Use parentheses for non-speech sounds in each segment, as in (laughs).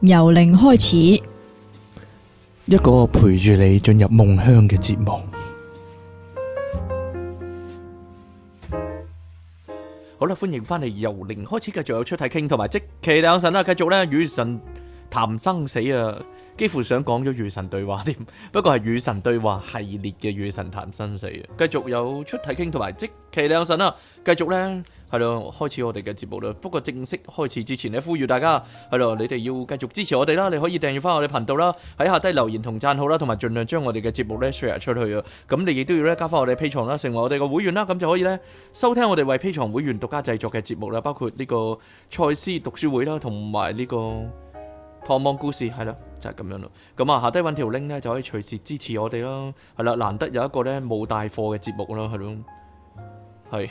由零開始，一個陪住你進入夢鄉嘅節目。好啦，歡迎翻嚟由零開始，繼續有出體傾同埋，即期兩神啦，啊，繼續咧與神談生死啊！幾乎想講咗與神對話添，不過係與神對話系列嘅與神談生死啊！繼續有出體傾同埋即期靚神啊！繼續呢，係咯，開始我哋嘅節目啦。不過正式開始之前呢，呼籲大家係咯，你哋要繼續支持我哋啦。你可以訂閱翻我哋頻道啦，喺下低留言同贊好啦，同埋盡量將我哋嘅節目呢 share 出，出去啊。咁你亦都要咧加翻我哋 P 藏啦，成為我哋嘅會員啦，咁就可以呢收聽我哋為 P 藏會員獨家製作嘅節目啦，包括呢個賽斯讀書會啦，同埋呢個。探望故事係啦，就係、是、咁樣咯。咁啊，下低揾條 link 咧，就可以隨時支持我哋咯。係啦，難得有一個咧冇帶貨嘅節目咯，係咯，係。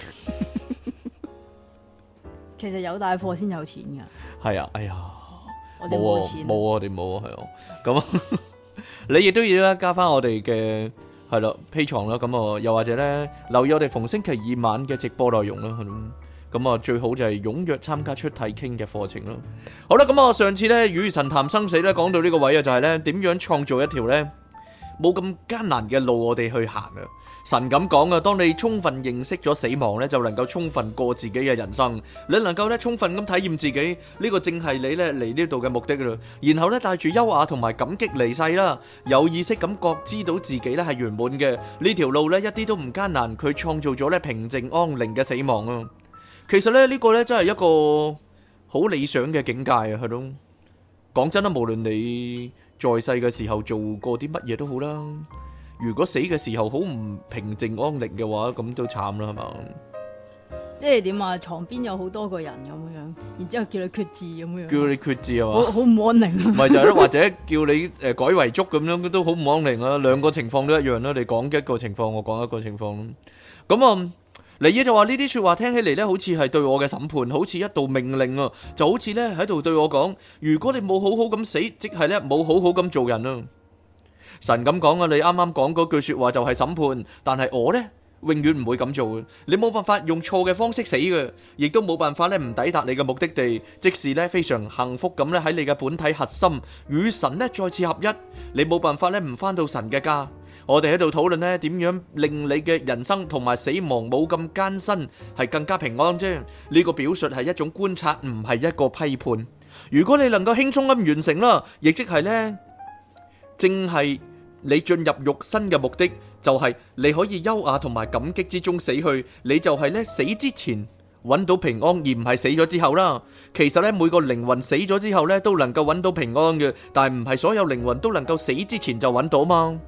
其實有帶貨先有錢噶。係、哦、啊，哎呀、啊，我哋冇錢。冇啊，我哋冇啊，係啊。咁、嗯、 (laughs) 你亦都要咧加翻我哋嘅係啦，Patreon 啦。咁啊、嗯，又或者咧留意我哋逢星期二晚嘅直播內容啦，係咯。咁啊，最好就係踴躍參加出體傾嘅課程咯。好啦，咁啊，上次呢與神談生死咧，講到呢個位啊，就係呢點樣創造一條呢冇咁艱難嘅路，我哋去行啊。神咁講啊，當你充分認識咗死亡呢，就能夠充分過自己嘅人生，你能夠呢充分咁體驗自己呢、呢個正係你呢嚟呢度嘅目的啦。然後呢，帶住優雅同埋感激離世啦，有意識感覺知道自己呢係圓滿嘅呢條路呢，一啲都唔艱難，佢創造咗呢平靜安寧嘅死亡啊。其實咧呢個咧真係一個好理想嘅境界啊，係咯。講真啦，無論你在世嘅時候做過啲乜嘢都好啦，如果死嘅時候好唔平靜安寧嘅話，咁都慘啦，係嘛？即係點啊？床邊有好多個人咁樣，然之後叫你決志咁樣，叫你決志係嘛？好唔安寧。唔係就係咧，或者叫你誒改遺囑咁樣都好唔安寧啦。兩個情況都一樣啦。你講一個情況，我講一個情況。咁啊。尼爾就話呢啲說話聽起嚟咧，好似係對我嘅審判，好似一道命令啊！就好似咧喺度對我講，如果你冇好好咁死，即係咧冇好好咁做人啊！神咁講啊，你啱啱講嗰句說話就係審判，但係我呢永遠唔會咁做嘅。你冇辦法用錯嘅方式死嘅，亦都冇辦法咧唔抵達你嘅目的地，即使咧非常幸福咁咧喺你嘅本體核心與神咧再次合一。你冇辦法咧唔翻到神嘅家。我哋喺度討論呢，點樣令你嘅人生同埋死亡冇咁艱辛，係更加平安啫。呢個表述係一種觀察，唔係一個批判。如果你能夠輕鬆咁完成啦，亦即係呢，正係你進入肉身嘅目的，就係你可以優雅同埋感激之中死去。你就係呢，死之前揾到平安，而唔係死咗之後啦。其實呢，每個靈魂死咗之後呢，都能夠揾到平安嘅，但係唔係所有靈魂都能夠死之前就揾到嘛。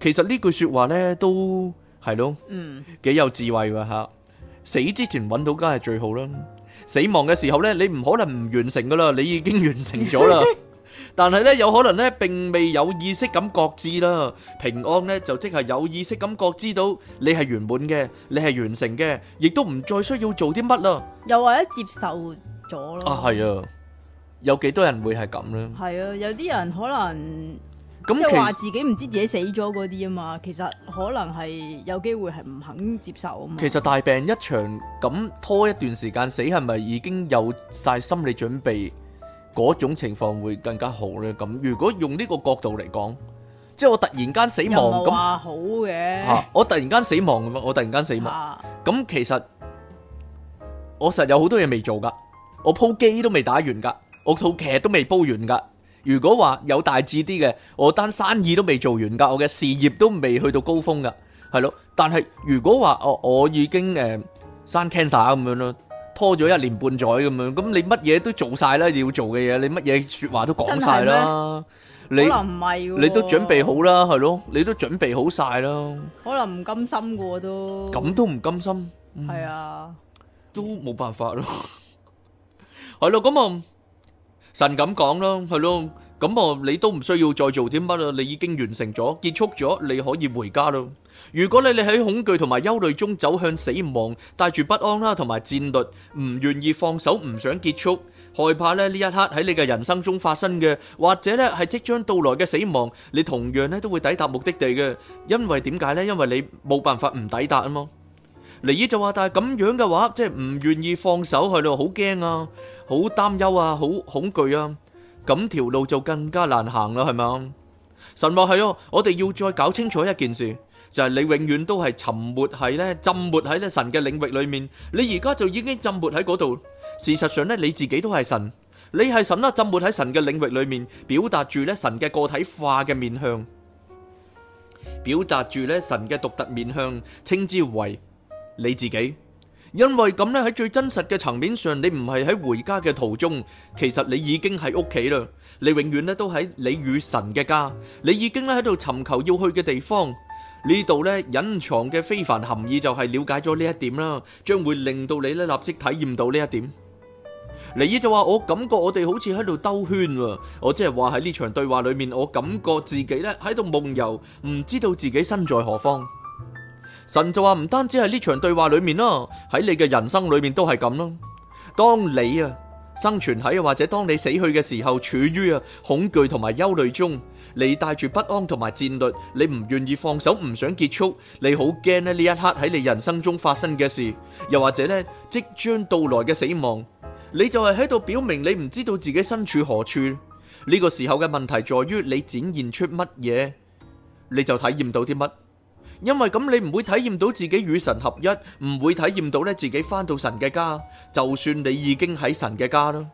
其實呢句說話咧都係咯，嗯，幾有智慧嘅。吓，死之前揾到梗係最好啦。死亡嘅時候咧，你唔可能唔完成噶啦，你已經完成咗啦。但係咧，有可能咧，並未有意識咁覺知啦。平安咧，就即係有意識咁覺知到你係圓滿嘅，你係完成嘅，亦都唔再需要做啲乜啦。又或者接受咗咯。啊，係啊，有幾多人會係咁咧？係啊，有啲人可能。即係話自己唔知自己死咗嗰啲啊嘛，其實可能係有機會係唔肯接受啊嘛。其實大病一場咁拖一段時間死，係咪已經有晒心理準備嗰種情況會更加好咧？咁如果用呢個角度嚟講，即係我突然間死亡咁，又唔係話好嘅。吓，我突然間死亡咁，我突然間死亡咁，其實我實有好多嘢未做噶，我鋪機都未打完噶，我套劇都未煲完噶。如果話有大志啲嘅，我單生意都未做完噶，我嘅事業都未去到高峰噶，係咯。但係如果話哦我已經誒生 cancer 咁樣咯，拖咗一年半載咁樣，咁你乜嘢都做晒啦，你要做嘅嘢，你乜嘢說話都講晒啦，你可能唔係，你都準備好啦，係咯，你都準備好晒啦，可能唔甘心噶都，咁都唔甘心，係啊，都冇辦法咯，係咯，咁啊。神咁講咯，係咯咁啊，你都唔需要再做啲乜啦，你已經完成咗結束咗，你可以回家咯。如果你你喺恐懼同埋憂慮中走向死亡，帶住不安啦同埋戰慄，唔願意放手，唔想結束，害怕咧呢一刻喺你嘅人生中發生嘅，或者咧係即將到來嘅死亡，你同樣咧都會抵達目的地嘅，因為點解咧？因為你冇辦法唔抵達啊嘛。尼爾就話：但係咁樣嘅話，即係唔願意放手去，好驚啊，好擔憂啊，好恐懼啊，咁條路就更加難行啦，係咪啊？神話係哦，我哋要再搞清楚一件事，就係你永遠都係沉沒喺咧浸沒喺咧神嘅領域裏面，你而家就已經浸沒喺嗰度。事實上咧，你自己都係神，你係神啦，浸沒喺神嘅領域裏面，表達住咧神嘅個體化嘅面向，表達住咧神嘅獨特面向，稱之為。你自己，因為咁咧喺最真實嘅層面上，你唔係喺回家嘅途中，其實你已經喺屋企啦。你永遠咧都喺你與神嘅家，你已經咧喺度尋求要去嘅地方。呢度咧隱藏嘅非凡含義就係了解咗呢一點啦，將會令到你咧立即體驗到呢一點。尼爾就話：我感覺我哋好似喺度兜圈喎，我即係話喺呢場對話裏面，我感覺自己咧喺度夢遊，唔知道自己身在何方。神就話，唔單止係呢場對話裏面咯，喺你嘅人生裏面都係咁咯。當你啊生存喺或者當你死去嘅時候，處於啊恐懼同埋憂慮中，你帶住不安同埋戰慄，你唔願意放手，唔想結束，你好驚咧呢一刻喺你人生中發生嘅事，又或者呢即將到來嘅死亡，你就係喺度表明你唔知道自己身處何處。呢個時候嘅問題在於你展現出乜嘢，你就體驗到啲乜。因為咁你唔會體驗到自己與神合一，唔會體驗到咧自己返到神嘅家。就算你已經喺神嘅家啦，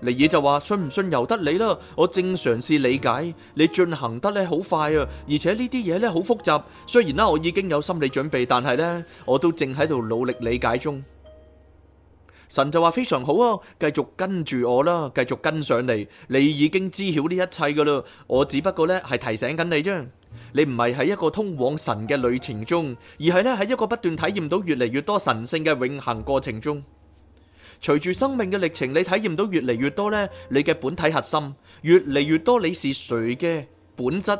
尼爾就話信唔信由得你啦。我正嘗試理解你進行得咧好快啊，而且呢啲嘢咧好複雜。雖然啦，我已經有心理準備，但係咧我都正喺度努力理解中。神就話非常好啊，繼續跟住我啦，繼續跟上嚟。你已經知曉呢一切噶啦，我只不過咧係提醒緊你啫。你唔係喺一個通往神嘅旅程中，而係咧喺一個不斷體驗到越嚟越多神聖嘅永恆過程中。隨住生命嘅歷程，你體驗到越嚟越多咧，你嘅本體核心越嚟越多，你是誰嘅本質，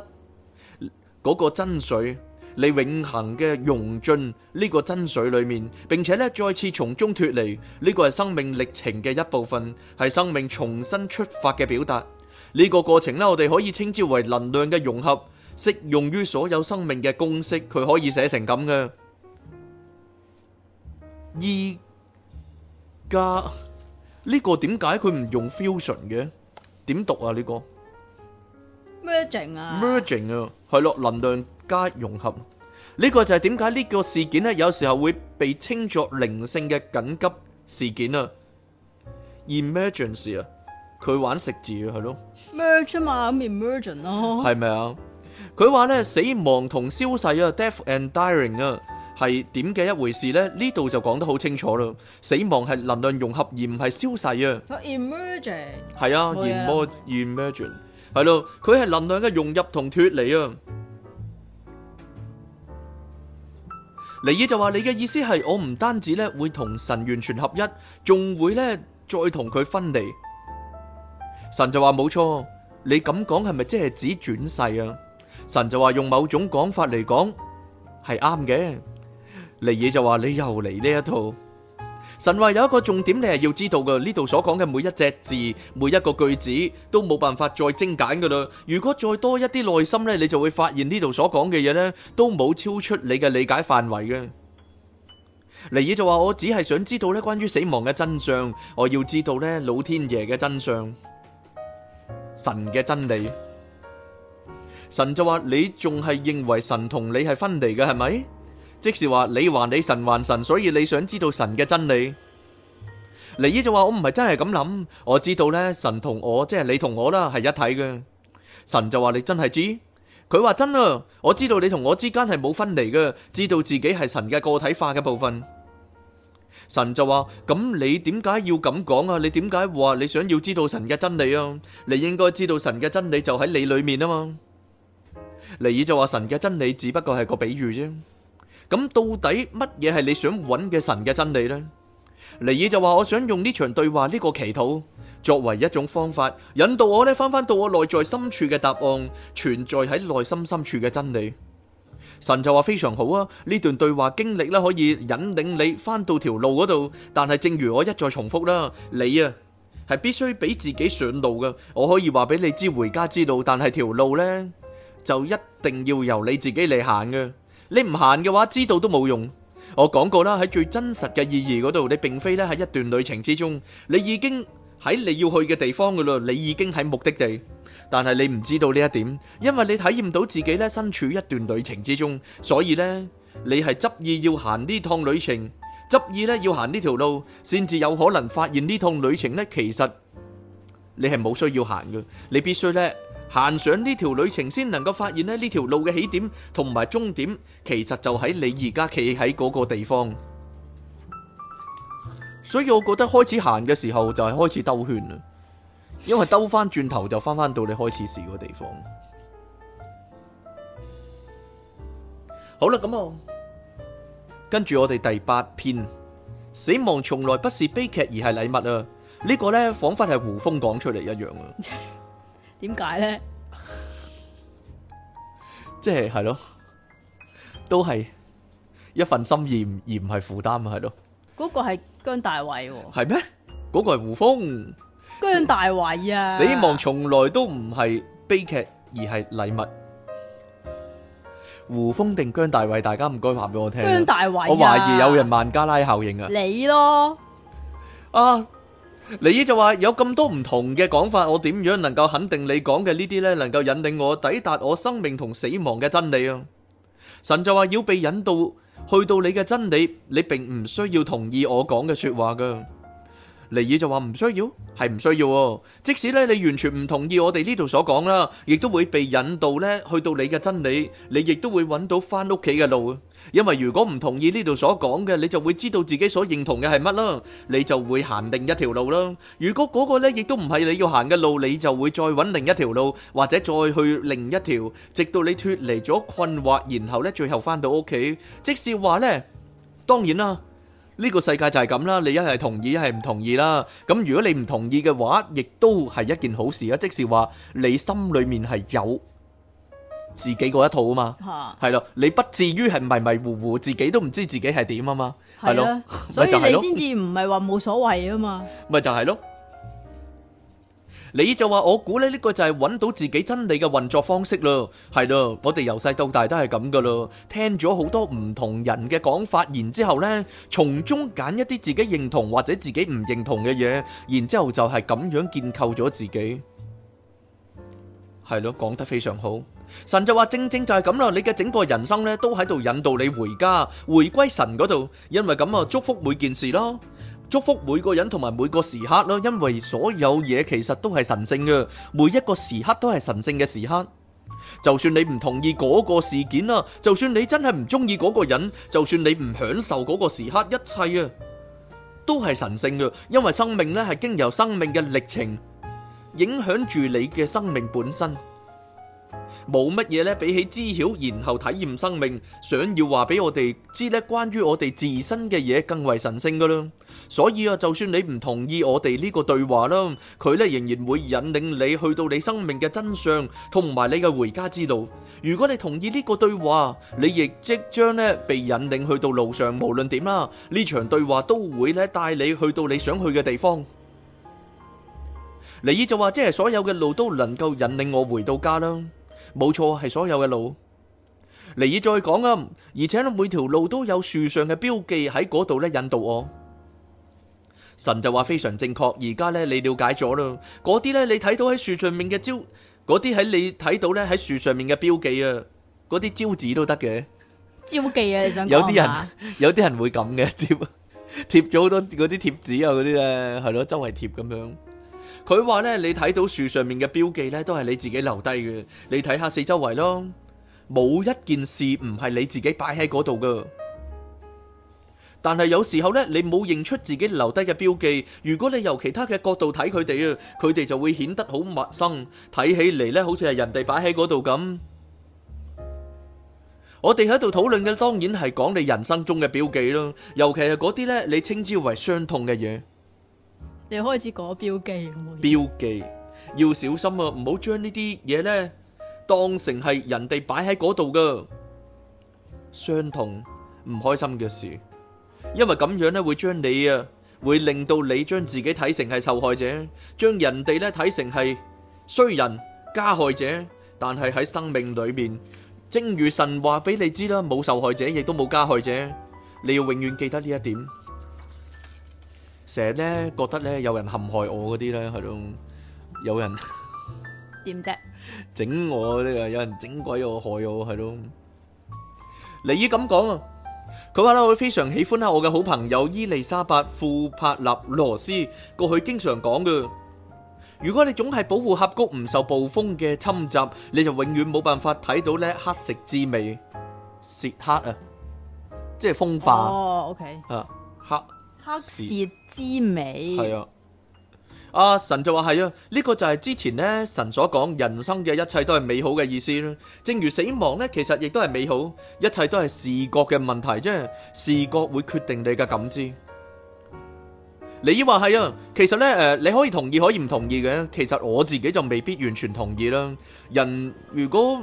嗰個真水，你永恆嘅融進呢個真水裏面，並且咧再次從中脫離。呢個係生命歷程嘅一部分，係生命重新出發嘅表達。呢個過程咧，我哋可以稱之為能量嘅融合。適用於所有生命嘅公式，佢可以寫成咁嘅。依家呢個點解佢唔用 fusion 嘅？點讀啊呢個？merging 啊？merging 啊？係咯，能量加融合。呢個就係點解呢個事件咧，有時候會被稱作靈性嘅緊急事件啊。emergency 啊，佢玩食字啊係咯？merge 嘛，咁 emerge 咯，係咪啊？佢話咧，死亡同消逝啊，death and dying 啊，係點嘅一回事呢？呢度就講得好清楚咯。死亡係能量融合而唔係消逝啊。Emerging 係啊，emerge，emerge 係咯，佢係 more，能量嘅融入同脫離啊。尼爾就話：你嘅意思係我唔單止咧會同神完全合一，仲會咧再同佢分離。神就話：冇錯，你咁講係咪即係指轉世啊？神就話，用某種講法嚟講係啱嘅，尼爾就話，你又嚟呢一套。神話，有一個重點，你係要知道嘅。呢度所講嘅每一隻字、每一個句子都冇辦法再精簡噶啦。如果再多一啲耐心呢，你就會發現呢度所講嘅嘢呢都冇超出你嘅理解範圍嘅。尼爾就話，我只係想知道呢關於死亡嘅真相，我要知道呢老天爺嘅真相，神嘅真理。神就話：你仲係認為神同你係分離嘅，係咪？即是話你還你神還神，所以你想知道神嘅真理。尼依就話：我唔係真係咁諗，我知道呢神同我即係、就是、你同我啦，係一體嘅。神就話：你真係知？佢話真啊，我知道你同我之間係冇分離嘅，知道自己係神嘅個體化嘅部分。神就話：咁你點解要咁講啊？你點解話你想要知道神嘅真理啊？你應該知道神嘅真理就喺你裏面啊嘛。尼爾就話，神嘅真理只不過係個比喻啫，咁到底乜嘢係你想揾嘅神嘅真理呢？尼爾就話，我想用呢場對話呢、呢個祈禱作為一種方法，引導我呢翻翻到我內在深處嘅答案，存在喺內心深、深處嘅真理。神就話，非常好啊，呢段對話經歷呢可以引領你翻到條路嗰度，但係正如我一再重複啦，你啊係必須俾自己上路噶，我可以話俾你知回家之路，但係條路呢。就一定要由你自己嚟行嘅，你唔行嘅話，知道都冇用。我講過啦，喺最真實嘅意義嗰度，你並非咧喺一段旅程之中，你已經喺你要去嘅地方噶啦，你已經喺目的地，但係你唔知道呢一點，因為你體驗到自己咧身處一段旅程之中，所以呢，你係執意要行呢趟旅程，執意咧要行呢條路，先至有可能發現呢趟旅程呢，其實你係冇需要行嘅，你必須咧。行上呢條旅程，先能夠發現咧呢條路嘅起點同埋終點，其實就喺你而家企喺嗰個地方。所以我覺得開始行嘅時候就係開始兜圈啦，因為兜返轉頭就返返到你開始試個地方好。好啦，咁啊，跟住我哋第八篇《死亡從來不是悲劇而係禮物》啊，呢個呢，仿佛係胡風講出嚟一樣啊。點解咧？即係係咯，都係一份心意，而唔係負擔，係咯。嗰個係姜大衛喎，哦？係咩？嗰，那個係胡風。姜大衛啊！死亡從來都唔係悲劇，而係禮物。胡風定姜大衛？大家唔該話俾我聽。姜大衛，啊，我懷疑有人萬加拉效應啊！你咯，啊。尼耶就話，有咁多唔同嘅講法，我點樣能夠肯定你講嘅呢啲咧能夠引領我抵達我生命同死亡嘅真理啊？神就話，要被引導去到你嘅真理，你並唔需要同意我講嘅說話噶。尼爾就話唔需要，係唔需要。即使咧你完全唔同意我哋呢度所講啦，亦都會被引導咧去到你嘅真理，你亦都會揾到翻屋企嘅路。因為如果唔同意呢度所講嘅，你就會知道自己所認同嘅係乜啦，你就會行另一條路啦。如果嗰個咧亦都唔係你要行嘅路，你就會再揾另一條路，或者再去另一條，直到你脫離咗困惑，然後咧最後翻到屋企。即使話咧，當然啦。呢個世界就係咁啦，你一係同意一係唔同意啦。咁如果你唔同意嘅話，亦都係一件好事啊。即是話你心裏面係有自己嗰一套啊嘛，係咯，你不至於係迷迷糊糊，自己都唔知自己係點啊嘛，係咯，所以你先至唔係話冇所謂啊嘛，咪就係咯。你就話我估呢，呢個就係揾到自己真理嘅運作方式咯。係咯，我哋由細到大都係咁噶咯。聽咗好多唔同人嘅講法，然之後呢，從中揀一啲自己認同或者自己唔認同嘅嘢，然之後就係咁樣建構咗自己。係咯，講得非常好。神就話正正就係咁啦，你嘅整個人生呢都喺度引導你回家，回歸神嗰度，因為咁啊，祝福每件事咯。祝福每個人同埋每個時刻咯，因為所有嘢其實都係神聖嘅，每一個時刻都係神聖嘅時刻。就算你唔同意嗰個事件啦，就算你真係唔中意嗰個人，就算你唔享受嗰個時刻，一切啊都係神聖嘅，因為生命咧係經由生命嘅歷程影響住你嘅生命本身。冇乜嘢咧，比起知曉然後體驗生命，想要話俾我哋知咧，關於我哋自身嘅嘢更為神聖噶啦。所以啊，就算你唔同意我哋呢個對話啦，佢咧仍然會引領你去到你生命嘅真相，同埋你嘅回家之路。如果你同意呢個對話，你亦即將咧被引領去到路上，無論點啦，呢場對話都會咧帶你去到你想去嘅地方。尼爾就話：即係所有嘅路都能夠引領我回到家啦。冇錯，係所有嘅路嚟，以再講啊！而且每條路都有樹上嘅標記喺嗰度咧，引導我。神就話，非常正確，而家咧，你了解咗啦。嗰啲咧，你睇到喺樹上面嘅招，嗰啲喺你睇到咧，喺樹上面嘅標記啊，嗰啲招紙都得嘅。招記啊！你想有啲人，有啲人會咁嘅貼貼咗好多嗰啲貼紙啊，嗰啲咧，係咯周圍貼咁樣。佢話咧，你睇到樹上面嘅標記咧，都係你自己留低嘅。你睇下四周圍咯，冇一件事唔係你自己擺喺嗰度噶。但係有時候咧，你冇認出自己留低嘅標記。如果你由其他嘅角度睇佢哋啊，佢哋就會顯得好陌生，睇起嚟咧，好似係人哋擺喺嗰度咁。我哋喺度討論嘅，當然係講你人生中嘅標記咯，尤其係嗰啲咧，你稱之為傷痛嘅嘢。你開始改標記，標記要小心啊！唔好將呢啲嘢呢當成係人哋擺喺嗰度嘅傷痛、唔開心嘅事，因為咁樣呢會將你啊，會令到你將自己睇成係受害者，將人哋呢睇成係衰人、加害者。但係喺生命裏面，正如神話俾你知啦，冇受害者，亦都冇加害者。你要永遠記得呢一點。成日咧覺得咧有人陷害我嗰啲咧係咯，有人點啫？整實 (laughs) 我呢？有人整鬼我害我係咯。嚟姨咁講啊，佢話咧，我非常喜歡啊，我嘅好朋友伊麗莎白庫柏納羅斯過去經常講嘅，如果你總係保護峽谷唔受暴風嘅侵襲，你就永遠冇辦法睇到咧黑食之味。」蝕黑啊，即係風化啊、oh, okay. 黑。黑舌之美係啊！阿、啊、神就話係啊，呢、這個就係之前咧神所講人生嘅一切都係美好嘅意思啦。正如死亡呢，其實亦都係美好，一切都係視覺嘅問題，即係視覺會決定你嘅感知。你話係啊？其實呢，誒，你可以同意，可以唔同意嘅。其實我自己就未必完全同意啦。人如果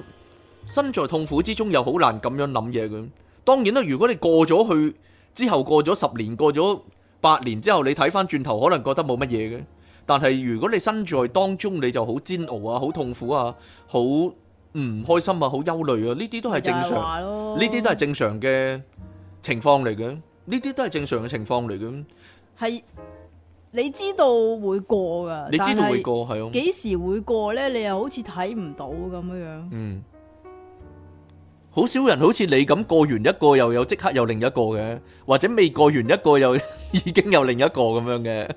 身在痛苦之中，又好難咁樣諗嘢嘅。當然啦，如果你過咗去。之後過咗十年，過咗八年之後，你睇翻轉頭，可能覺得冇乜嘢嘅。但係如果你身在當中，你就好煎熬啊，好痛苦啊，好唔開心啊，好憂慮啊，呢啲都係正常。呢啲都係正常嘅情況嚟嘅，呢啲都係正常嘅情況嚟嘅。係你知道會過㗎，你知道會過係咯，幾時會過呢？你又好似睇唔到咁樣。嗯。好少人好似你咁過完一個又有即刻有另一個嘅，或者未過完一個又已經有另一個咁樣嘅，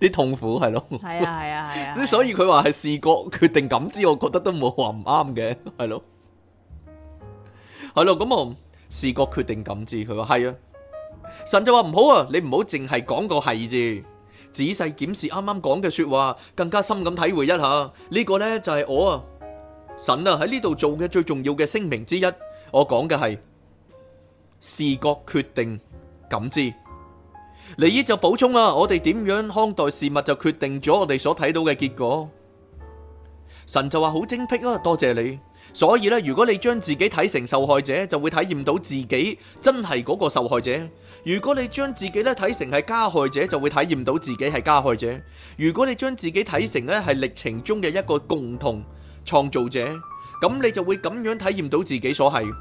啲痛苦係咯。係啊係啊係啊！所以佢話係視覺決定感知，我覺得都冇話唔啱嘅，係咯，係咯。咁啊，視覺決定感知，佢話係啊，神就話唔好啊，你唔好淨係講個係字，仔細檢視啱啱講嘅說話，更加深咁體會一下呢個咧就係我啊。神啊，喺呢度做嘅最重要嘅聲明之一，我講嘅係視覺決定感知。利益就補充啊，我哋點樣看待事物就決定咗我哋所睇到嘅結果。神就話好精辟啊，多謝你。所以咧，如果你將自己睇成受害者，就會體驗到自己真係嗰個受害者；如果你將自己咧睇成係加害者，就會體驗到自己係加害者；如果你將自己睇成咧係歷程中嘅一個共同。創造者，咁你就會咁樣體驗到自己所係。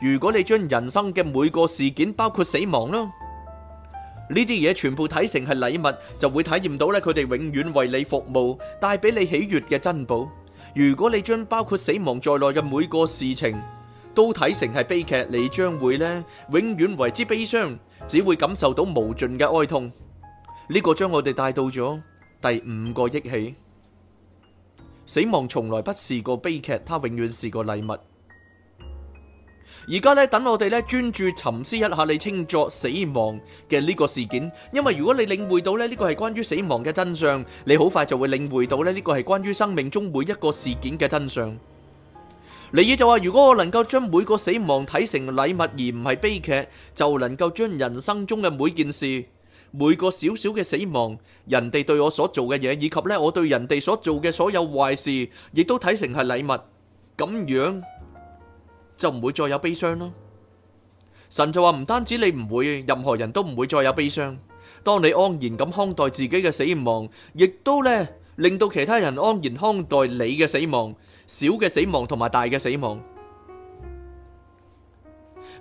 如果你將人生嘅每個事件，包括死亡囉，呢啲嘢全部睇成係禮物，就會體驗到咧佢哋永遠為你服務，帶俾你喜悅嘅珍寶。如果你將包括死亡在內嘅每個事情都睇成係悲劇，你將會咧永遠為之悲傷，只會感受到無盡嘅哀痛。呢、這個將我哋帶到咗第五個憶起。死亡從來不是個悲劇，它永遠是個禮物。而家咧，等我哋咧專注沉思一下你稱作死亡嘅呢個事件，因為如果你領會到咧呢個係關於死亡嘅真相，你好快就會領會到咧呢個係關於生命中每一個事件嘅真相。尼爾就話，如果我能夠將每個死亡睇成禮物而唔係悲劇，就能夠將人生中嘅每件事。每個小小嘅死亡，人哋對我所做嘅嘢，以及咧我對人哋所做嘅所有壞事，亦都睇成係禮物，咁樣就唔會再有悲傷啦。神就話唔單止你唔會，任何人都唔會再有悲傷。當你安然咁看待自己嘅死亡，亦都咧令到其他人安然看待你嘅死亡，小嘅死亡同埋大嘅死亡。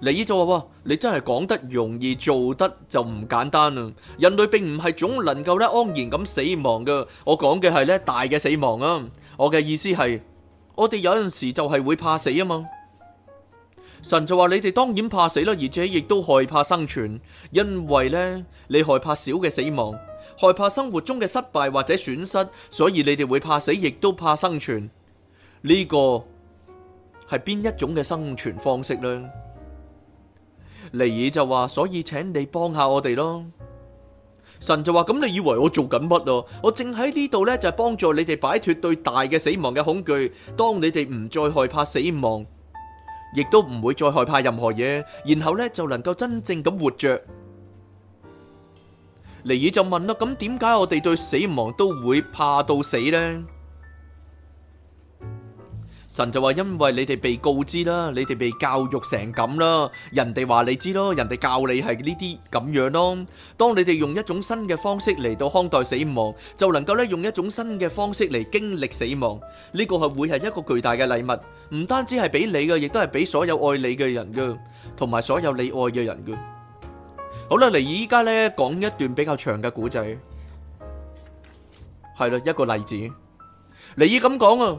你就話，你真係講得容易，做得就唔簡單啦。人類並唔係總能夠咧安然咁死亡噶。我講嘅係咧大嘅死亡啊。我嘅意思係，我哋有陣時就係會怕死啊嘛。神就話，你哋當然怕死啦，而且亦都害怕生存，因為咧你害怕小嘅死亡，害怕生活中嘅失敗或者損失，所以你哋會怕死，亦都怕生存。呢個係邊一種嘅生存方式咧？尼爾就話，所以請你幫下我哋咯。神就話：咁你以為我做緊乜咯？我正喺呢度呢，就係幫助你哋擺脫對大嘅死亡嘅恐懼。當你哋唔再害怕死亡，亦都唔會再害怕任何嘢，然後呢，就能夠真正咁活着。尼爾就問啦：咁點解我哋對死亡都會怕到死呢？神就話：因為你哋被告知啦，你哋被教育成咁啦，人哋話你知咯，人哋教你係呢啲咁樣咯。當你哋用一種新嘅方式嚟到看待死亡，就能夠咧用一種新嘅方式嚟經歷死亡。呢個係會係一個巨大嘅禮物，唔單止係俾你嘅，亦都係俾所有愛你嘅人嘅，同埋所有你愛嘅人嘅。好啦，嚟依家咧講一段比較長嘅古仔，係啦，一個例子。嚟依咁講啊！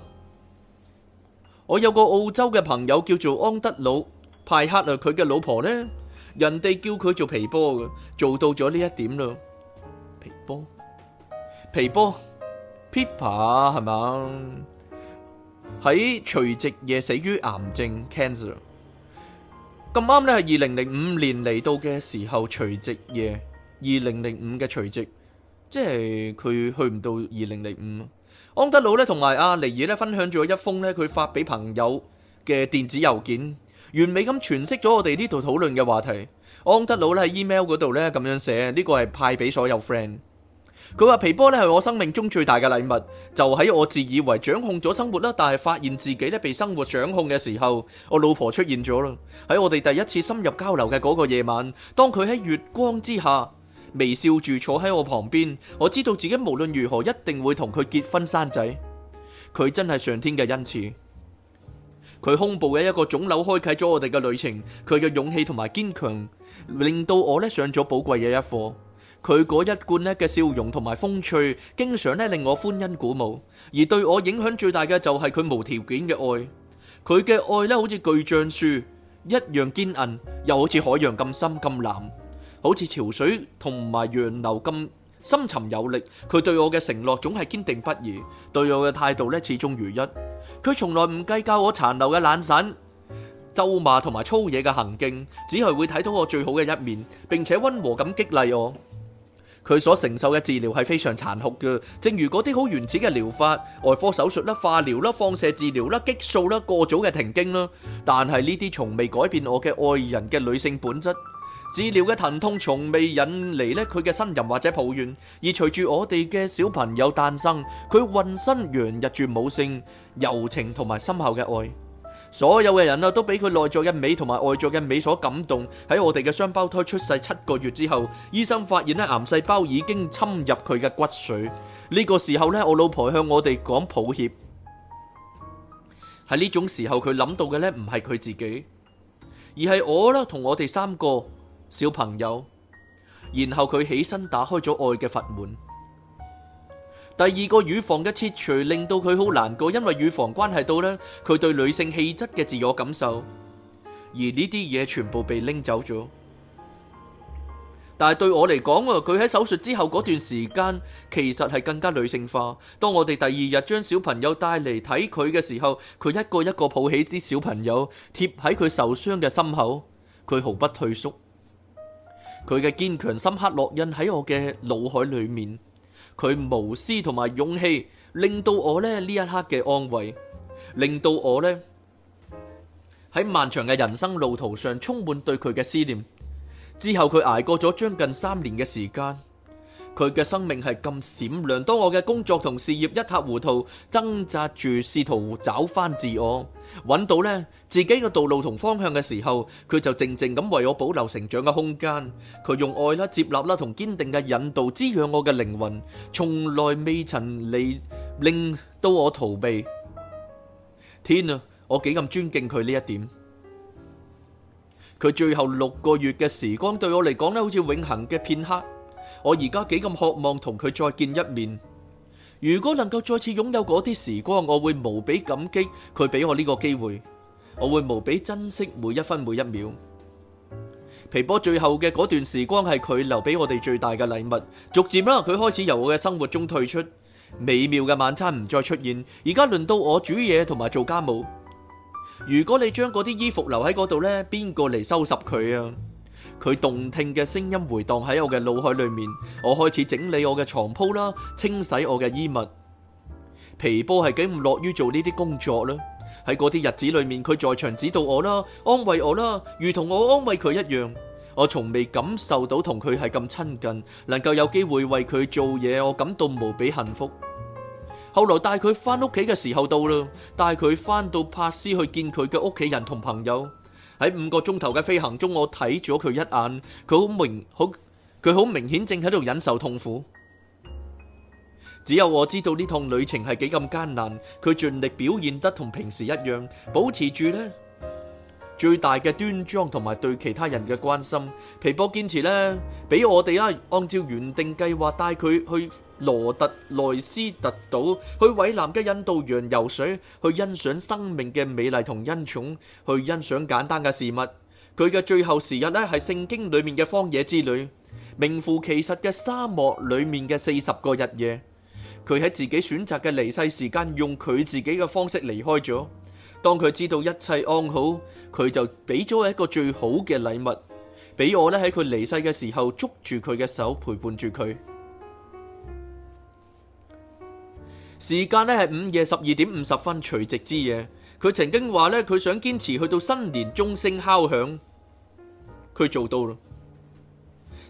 我有個澳洲嘅朋友叫做安德魯派克啊，佢嘅老婆咧，人哋叫佢做皮波嘅，做到咗呢一點咯。皮波，皮波，Pippa 係咪啊？喺除夕夜死於癌症 cancer。咁啱咧，係二零零五年嚟到嘅時候除夕夜，二零零五嘅除夕，即係佢去唔到二零零五。安德魯咧同埋阿尼爾咧分享咗一封咧佢發俾朋友嘅電子郵件，完美咁詮釋咗我哋呢度討論嘅話題。安德魯咧喺 email 嗰度咧咁樣寫，呢個係派俾所有 friend。佢話皮波咧係我生命中最大嘅禮物，就喺我自以為掌控咗生活啦，但係發現自己咧被生活掌控嘅時候，我老婆出現咗啦。喺我哋第一次深入交流嘅嗰個夜晚，當佢喺月光之下。微笑住坐喺我旁邊，我知道自己無論如何一定會同佢結婚生仔。佢真係上天嘅恩賜。佢胸部嘅一個腫瘤開啟咗我哋嘅旅程。佢嘅勇氣同埋堅強，令到我呢上咗寶貴嘅一課。佢嗰一貫咧嘅笑容同埋風趣，經常呢令我歡欣鼓舞。而對我影響最大嘅就係佢無條件嘅愛。佢嘅愛呢好似巨橡樹一樣堅韌，又好似海洋咁深咁藍。好似潮水同埋洋流咁深沉有力，佢對我嘅承諾總係堅定不移，對我嘅態度咧始終如一。佢從來唔計較我殘留嘅懶散、咒罵同埋粗野嘅行徑，只係會睇到我最好嘅一面，並且温和咁激勵我。佢所承受嘅治療係非常殘酷嘅，正如嗰啲好原始嘅療法、外科手術啦、化療啦、放射治療啦、激素啦、過早嘅停經啦。但係呢啲從未改變我嘅愛人嘅女性本質。治療嘅疼痛從未引嚟咧佢嘅呻吟，或者抱怨，而隨住我哋嘅小朋友誕生，佢渾身洋溢住母性柔情同埋深厚嘅愛。所有嘅人啊，都俾佢內在嘅美同埋外在嘅美所感動。喺我哋嘅雙胞胎出世七個月之後，醫生發現咧癌細胞已經侵入佢嘅骨髓。呢個時候咧，我老婆向我哋講抱歉。喺呢種時候，佢諗到嘅咧唔係佢自己，而係我啦，同我哋三個。小朋友，然後佢起身打開咗愛嘅閥門。第二個乳房嘅切除令到佢好難過，因為乳房關係到呢，佢對女性氣質嘅自我感受，而呢啲嘢，全部被拎走咗。但係對我嚟講啊，佢喺手術之後嗰段時間，其實係更加女性化。當我哋第二日將小朋友帶嚟睇佢嘅時候，佢一個一個抱起啲小朋友貼喺佢受傷嘅心口，佢毫不退縮。佢嘅堅強深刻烙印喺我嘅腦海裏面，佢無私同埋勇氣令到我咧，呢一刻嘅安慰，令到我咧喺漫長嘅人生路途上充滿對佢嘅思念。之後佢捱過咗將近三年嘅時間。佢嘅生命係咁閃亮，當我嘅工作同事業一塌糊塗，掙扎住試圖找翻自我，揾到咧自己嘅道路同方向嘅時候，佢就靜靜咁為我保留成長嘅空間。佢用愛啦接納啦同堅定嘅引導滋養我嘅靈魂，從來未曾令令到我逃避。天啊，我幾咁尊敬佢呢一點。佢最後六個月嘅時光對我嚟講咧，好似永恆嘅片刻。我而家幾咁渴望同佢再見一面。如果能夠再次擁有嗰啲時光，我會無比感激佢俾我呢個機會。我會無比珍惜每一分每一秒。皮波最後嘅嗰段時光係佢留俾我哋最大嘅禮物。逐漸啦，佢開始由我嘅生活中退出。美妙嘅晚餐唔再出現。而家輪到我煮嘢同埋做家務。如果你將嗰啲衣服留喺嗰度呢，邊個嚟收拾佢啊？佢動聽嘅聲音回蕩喺我嘅腦海裏面，我開始整理我嘅床鋪啦，清洗我嘅衣物。皮波係幾唔樂於做呢啲工作啦。喺嗰啲日子裏面，佢在場指導我啦，安慰我啦，如同我安慰佢一樣。我從未感受到同佢係咁親近，能夠有機會為佢做嘢，我感到無比幸福。後來帶佢翻屋企嘅時候到啦，帶佢翻到帕斯去見佢嘅屋企人同朋友。喺五個鐘頭嘅飛行中，我睇咗佢一眼，佢好明好，佢好明顯正喺度忍受痛苦。只有我知道呢趟旅程係幾咁艱難，佢盡力表現得同平時一樣，保持住呢。最大嘅端莊同埋對其他人嘅關心，皮波堅持呢，俾我哋啊，按照原定計劃帶佢去羅特萊斯特島，去偉南嘅印度洋游水，去欣賞生命嘅美麗同恩寵，去欣賞簡單嘅事物。佢嘅最後時日呢，係聖經裏面嘅荒野之旅，名副其實嘅沙漠裏面嘅四十個日夜。佢喺自己選擇嘅離世時間，用佢自己嘅方式離開咗。當佢知道一切安好，佢就俾咗一個最好嘅禮物，俾我咧，喺佢離世嘅時候捉住佢嘅手陪伴住佢。時間咧，係午夜十二點五十分除夕之夜，佢曾經話咧，佢想堅持去到新年鐘聲敲響，佢做到啦。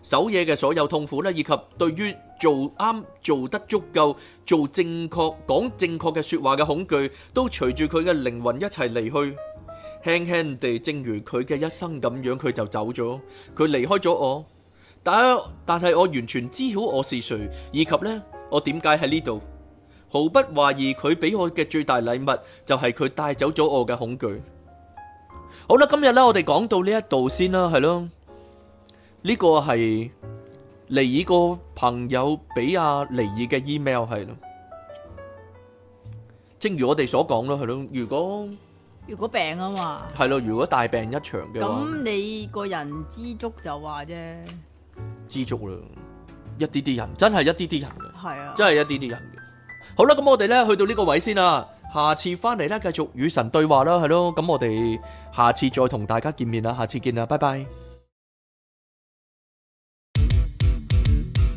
守夜嘅所有痛苦咧，以及對於。做啱做得足夠，做正確講正確嘅說話嘅恐懼，都隨住佢嘅靈魂一齊離去，輕輕地，正如佢嘅一生咁樣，佢就走咗，佢離開咗我。但但係我完全知曉我是誰，以及咧，我點解喺呢度，毫不懷疑佢俾我嘅最大禮物就係佢帶走咗我嘅恐懼。好啦，今日咧我哋講到呢一度先啦，係咯，呢個係離異個。朋友俾阿黎爾嘅 email 係咯，正如我哋所講咯，係咯。如果如果病啊嘛，係咯。如果大病一場嘅，咁你個人知足就話啫，知足啦。一啲啲人真係一啲啲人嘅，係啊，真係一啲啲人嘅的。好啦，咁我哋咧去到呢個位先啦，下次翻嚟咧繼續與神對話啦，係咯。咁我哋下次再同大家見面啦，下次見啦，拜拜。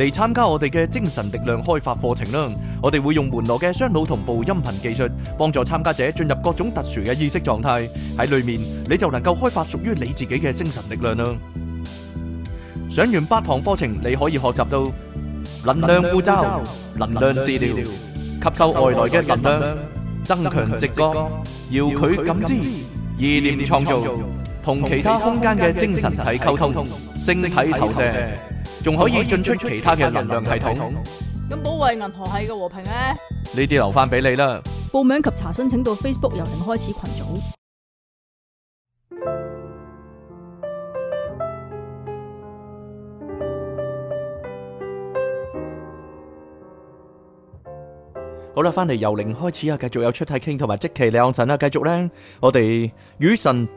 嚟參加我哋嘅精神力量開發課程啦！我哋會用門羅嘅雙腦同步音頻技術，幫助參加者進入各種特殊嘅意識狀態。喺裡面你就能夠開發屬於你自己嘅精神力量啦！上完八堂課程，你可以學習到能量護罩、能量治療、吸收外來嘅能量、增強直覺、遙距感知、意念創造、同其他空間嘅精神體溝通。星體投射，仲可以進出其他嘅能量系統。咁、嗯、保衛銀河系嘅和平咧？呢啲留翻俾你啦。報名及查詢，請到 Facebook 由零開始群組。好啦，翻嚟由零開始啊，繼續有出體傾同埋即期兩神啊，繼續咧，我哋與神。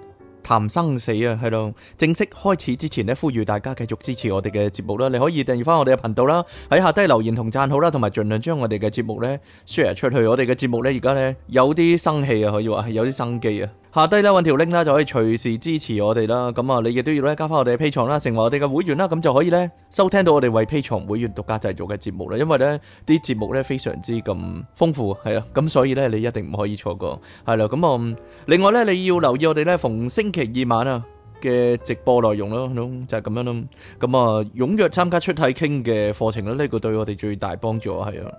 談生死啊，係咯！正式開始之前咧，呼籲大家繼續支持我哋嘅節目啦！你可以訂閱翻我哋嘅頻道啦，喺下低留言同讚好啦、啊，同埋儘量將我哋嘅節目咧 share 出去。我哋嘅節目咧，而家咧有啲生氣啊，可以話係有啲生機啊！下低咧揾條 link 啦，就可以隨時支持我哋啦。咁啊，你亦都要咧加翻我哋嘅 Patreon 啦，成為我哋嘅會員啦，咁就可以咧收聽到我哋為 Patreon 會員獨家製造嘅節目啦。因為咧啲節目咧非常之咁豐富，係啊，咁所以咧你一定唔可以錯過，係啦。咁、嗯、啊，另外咧你要留意我哋咧逢星期二晚啊嘅直播內容咯，就係、是、咁樣咯。咁、嗯、啊，踊躍參加出體傾嘅課程啦，呢、這個對我哋最大幫助啊，係啊。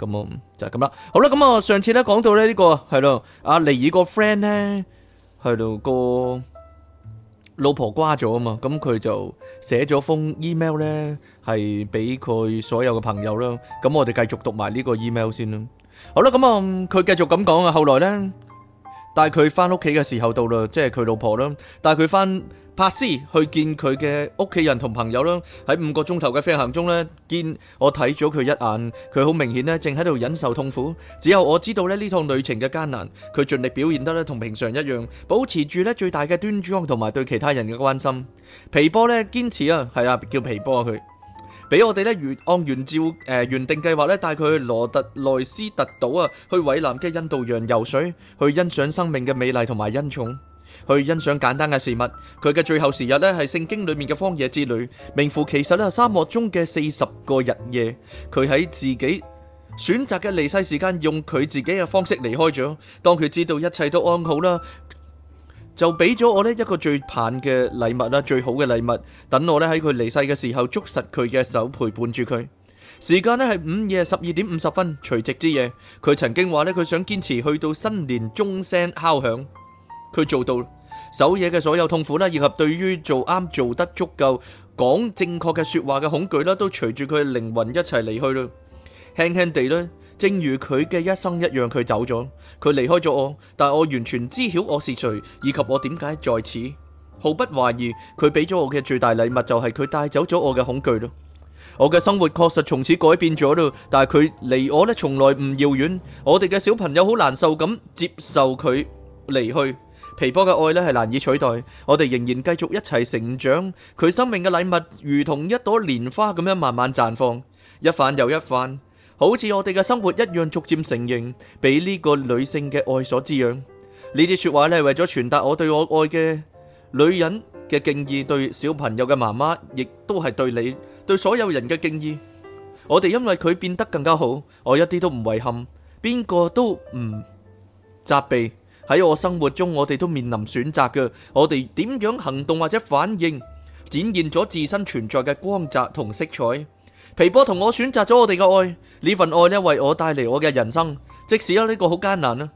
咁、嗯、啊，就係咁啦。好啦，咁、嗯、啊，上次咧講到咧、這個啊、呢個係咯，阿尼爾個 friend 咧。去到個老婆瓜咗啊嘛，咁佢就寫咗封 email 咧，係俾佢所有嘅朋友啦。咁我哋繼續讀埋呢個 email 先啦。好啦，咁啊，佢繼續咁講啊，後來咧。帶佢返屋企嘅時候到啦，即係佢老婆啦，帶佢返柏斯去見佢嘅屋企人同朋友啦。喺五個鐘頭嘅飛行中咧，見我睇咗佢一眼，佢好明顯咧正喺度忍受痛苦。只有我知道咧，呢趟旅程嘅艱難，佢盡力表現得咧同平常一樣，保持住咧最大嘅端莊同埋對其他人嘅關心。皮波咧堅持啊，係啊，叫皮波啊佢。俾我哋咧，原按原照誒、呃、原定計劃咧，帶佢去羅特奈斯特島啊，去偉南嘅印度洋游水，去欣賞生命嘅美麗同埋恩寵，去欣賞簡單嘅事物。佢嘅最後時日咧，係聖經裡面嘅荒野之旅，名副其實咧，係沙漠中嘅四十個日夜。佢喺自己選擇嘅離世時間，用佢自己嘅方式離開咗。當佢知道一切都安好啦。就俾咗我呢一個最棒嘅禮物啦，最好嘅禮物，等我呢喺佢離世嘅時候捉實佢嘅手，陪伴住佢。時間呢係午夜十二點五十分，除夕之夜。佢曾經話呢，佢想堅持去到新年鐘聲敲響，佢做到。守夜嘅所有痛苦啦，以及對於做啱做得足夠、講正確嘅說話嘅恐懼啦，都隨住佢嘅靈魂一齊離去咯，輕輕地咯。正如佢嘅一生一樣，佢走咗，佢離開咗我，但我完全知曉我是誰以及我點解在此，毫不懷疑佢俾咗我嘅最大禮物就係佢帶走咗我嘅恐懼咯。我嘅生活確實從此改變咗咯，但係佢離我咧從來唔遙遠。我哋嘅小朋友好難受咁接受佢離去。皮波嘅愛咧係難以取代，我哋仍然繼續一齊成長。佢生命嘅禮物如同一朵蓮花咁樣慢慢綻放，一瓣又一瓣。好似我哋嘅生活一樣，逐漸承認俾呢個女性嘅愛所滋養。呢啲說話咧，為咗傳達我對我愛嘅女人嘅敬意，對小朋友嘅媽媽，亦都係對你，對所有人嘅敬意。我哋因為佢變得更加好，我一啲都唔遺憾，邊個都唔責備。喺我生活中，我哋都面臨選擇嘅。我哋點樣行動或者反應，展現咗自身存在嘅光澤同色彩。皮波同我選擇咗我哋嘅愛。呢份愛咧，為我帶嚟我嘅人生，即使有呢個好艱難啊！